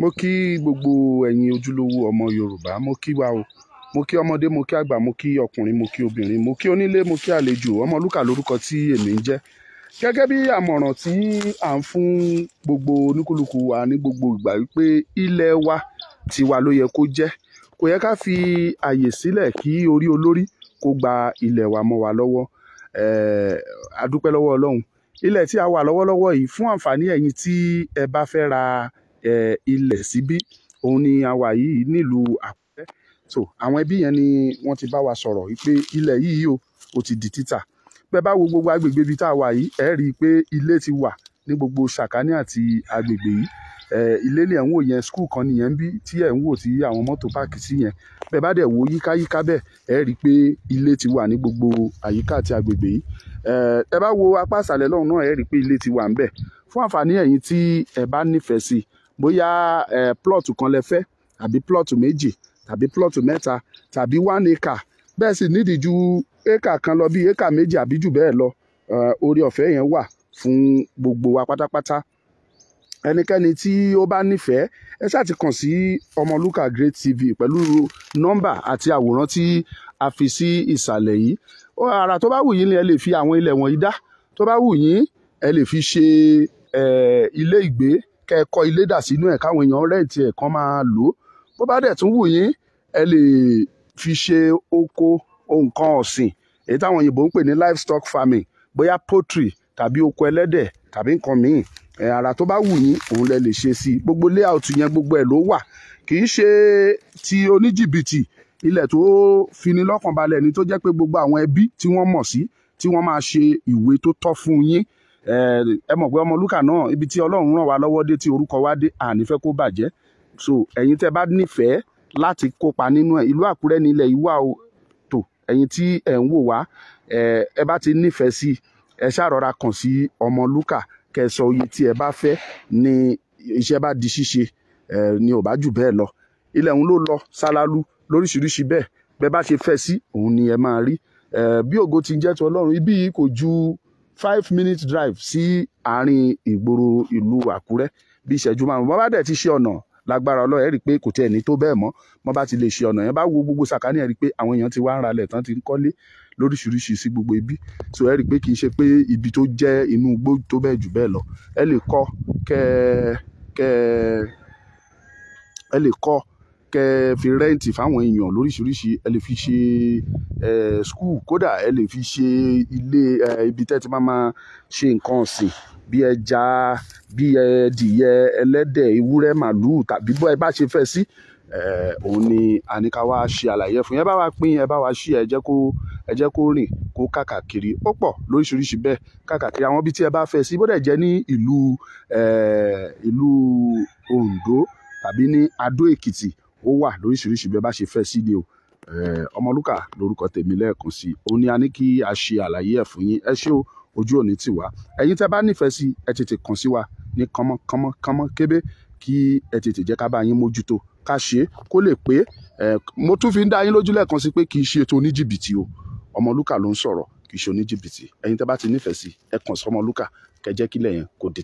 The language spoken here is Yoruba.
mo kí gbogbo ẹ̀yin ojúlówó ọmọ yorùbá mo kí wa o mo kí ọmọdé mo kí àgbà mo kí ọkùnrin mo kí obìnrin mo kí onílé mo kí àlejò ọmọlúkà lórúkọ tí èmi ń jẹ́ gẹ́gẹ́ bí àmọ̀ràn tí à ń fún gbogbo oníkúlùkù wa ní gbogbo ìgbà wípé ilẹ̀ wa tiwa ló yẹ kó jẹ́ kò yẹ ká fi àyè sílẹ̀ kí orí olórí kó gba ilẹ̀ wa mọ́ wa lọ́wọ́ a dúpẹ́ lọ́wọ́ ọlọ́run tí a wà lọ́wọ́lọ́wọ́ yìí fún àǹfààní ẹ̀yin tí ẹ bá fẹ́ ra ilẹ̀ síbí òun ni àwa yìí nílùú àkúrẹ́ so àwọn ẹbí yẹn ni wọ́n ti bá wa sọ̀rọ̀ pé ilẹ̀ yìí o ò ti di títà bẹ́ẹ̀ bá wo gbogbo agbègbè ibi tá a wà yìí ẹ̀ rí i pé ilé ti wà ní gbogbo sàkání àti agbègbè yìí ilé ilé ẹ̀ ń wò yẹn skul kan nìyẹn bí tí ẹ̀ ń wò tí àwọn mọ́tò páàkì sí yẹn bẹ́ẹ̀ bá dẹ̀ wo yíká bẹ́ẹ̀ ẹ̀ rí i pé ilé ti wà ní gbogbo àyíká àti agbègbè yìí ẹ bá wo apá àṣàlẹ̀ lọ́hùn náà ẹ̀ rí i pé ilé ti wà ń bẹ̀ fún àǹfààní ẹ̀yin tí ẹ bá nífẹ̀ẹ́ sí i bóyá eh, plot kan lẹ fẹ́ àbí plot méjì tàbí plot mẹ́ta tàbí one acre bẹ́ẹ̀ sì nídìí ju acre kan lọ bí acre méjì àbí jù bẹ́ẹ̀ lọ oore ọ̀fẹ́ yẹn wà fún gbogbo wa pátápátá ẹnikẹ́ni tí ó bá nífẹ̀ẹ́ ẹ ṣáà kàn sí Ọmọlúkà Great TV pẹ̀lú nọ́mbà àti àwòrán tí a fi sí ìsàlẹ̀ yìí àrà tó bá wù yín ni ẹ lè fi àwọn ilẹ̀ wọ̀nyí dá tó bá wù yín ẹ lè fi ṣe ilé ìgbé kẹ́ẹ̀kọ́ ilé dà sínú ẹ̀ káwọn èèyàn rẹ́ǹtì ẹ̀ kan máa lò ó bó bá dẹ̀ tún wù yín ẹ lè fi ṣe oko nǹkan ọ̀sìn èyí táwọn òyìnbó ń pè ní livestock farming bóyá poultry tàbí oko ẹlẹ́dẹ̀ tàbí nǹkan míì àrà tó bá wù yín òun lẹ lè ṣe sí i gbogbo layout yẹn gbogbo ẹ̀ ló wà kì í ṣe ti oníjìbìtì ilẹ̀ tó fini lọ́kànbalẹ̀ ni tó jẹ́ pé gbogbo àwọn ẹbí tí wọ́n mọ̀ sí tí wọ́n máa ṣe ìwé tó tọ́ fún yín ẹ mọ̀ pé ọmọlúkà náà ibi tí ọlọ́run ràn wá lọ́wọ́ dé tí orúkọ wa dé àní fẹ́ kó bàjẹ́ so ẹ̀yin tẹ́ bá nífẹ̀ẹ́ láti kópa nínú ẹ̀ ìlú àkúrẹ́ ní ilẹ̀ ìwà o tò ẹ̀yin tí ẹ̀ ń wò wá ẹ bá ti nífẹ̀ẹ́ sí ẹ ṣàrọ̀ra kàn sí ọmọlúkà kẹsọ oye tí ẹ bá fẹ́ ni iṣẹ́ bá di ṣíṣe ni ò bá jù bẹ́ẹ̀ lọ ilẹ̀ òun ló lọ sálálú lóríṣiríṣi bẹ́ẹ̀ bẹ́ẹ̀ bá ṣe fẹ́ sí òun ni ẹ máa rí bí ògo ti jẹ́ ti ọlọ́run ibí kò ju five minute drive sí àárín ìgboro ìlú àkúrẹ́ bí ìṣẹ́jú márùn-ún bọ́n bá dẹ̀ ti ṣe ọ̀nà lágbára ọlọ́ọ̀ ẹ̀ rí i pé kò tiẹ̀ ní tó bẹ́ẹ̀ mọ́ wọ́n bá ti lè ṣe ọ̀nà yẹn bá wo gbogbo sàkání rí i pé àwọn èèyàn ti wá ń ralẹ̀ tán ti ń kọ́lé lóríṣiríṣi sí gbogbo ibi so ẹ̀ rí i pé kì í ṣe pé ibi tó jẹ́ inú igbó tó bẹ́ẹ̀ jù bẹ́ẹ̀ lọ ẹ lè kọ́ kẹ́ kẹ́ ẹ lè kọ́ kẹ́ fi rẹ́ǹtì fáwọn èèyàn lóríṣiríṣi ẹ lè fi ṣe ẹ skul kódà ẹ lè fi ṣe ilé ẹ ibi tẹ́ ti máa ma ṣe nǹkan ọ̀sìn bí ẹja bí ẹdìyẹ ẹlẹ́dẹ̀ ewúrẹ́ màlúù tàbí bọ́ ẹ bá ṣe fẹ́ sí òun ni àníkàwá ṣe àlàyé fún yẹn bá wa pín ẹ bá wa ṣí ẹ jẹ́ kó ẹ jẹ́ kó rìn kó kàkàkiri ó pọ̀ lóríṣiríṣi bẹ́ẹ̀ kàkàkiri àwọn ibi tí ẹ bá fẹ́ sí bọ́dẹ̀ jẹ́ ní ìlú ìlú Oǹdó tàbí ní Adó Èkìtì ó wà lóríṣiríṣi bí ẹ bá ṣe fẹ́ sí ni o eh, ọmọlúkà lórúkọ tèmi lẹ́ẹ̀kan sí òun ni a ní kí a ṣe àlàyé ẹ̀ fún yín ẹ ṣé o ojú òní tì wá ẹ̀yin tẹ́ bá nífẹ̀ẹ́ sí ẹ tètè kàn sí wa ní kánmọ́kánmọ́kánmọ́ kébé kí ẹ tètè jẹ́ ká bá yín mójútó ká ṣe kó lè pé eh, mo tún fi ń dá yín lójú lẹ́ẹ̀kan sí pé kì í ṣe ètò oníjìbìtì o ọmọlúkà ló ń sọ̀rọ̀ kì í ṣe oníjìbìtì ẹ̀yin tẹ́ bá ti nífẹ̀ẹ́ sí ẹ kàn sọ́mọlúkà kẹjẹ́ kílẹ̀